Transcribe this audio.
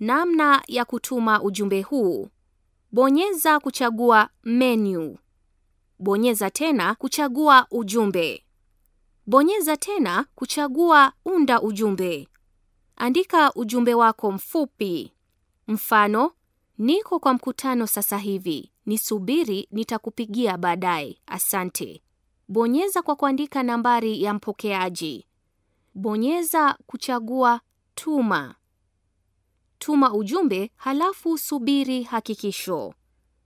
Namna ya kutuma ujumbe huu: bonyeza kuchagua menu, bonyeza tena kuchagua ujumbe, bonyeza tena kuchagua unda ujumbe. Andika ujumbe wako mfupi, mfano: niko kwa mkutano sasa hivi, nisubiri, nitakupigia baadaye, asante. Bonyeza kwa kuandika nambari ya mpokeaji, bonyeza kuchagua tuma tuma ujumbe halafu subiri hakikisho.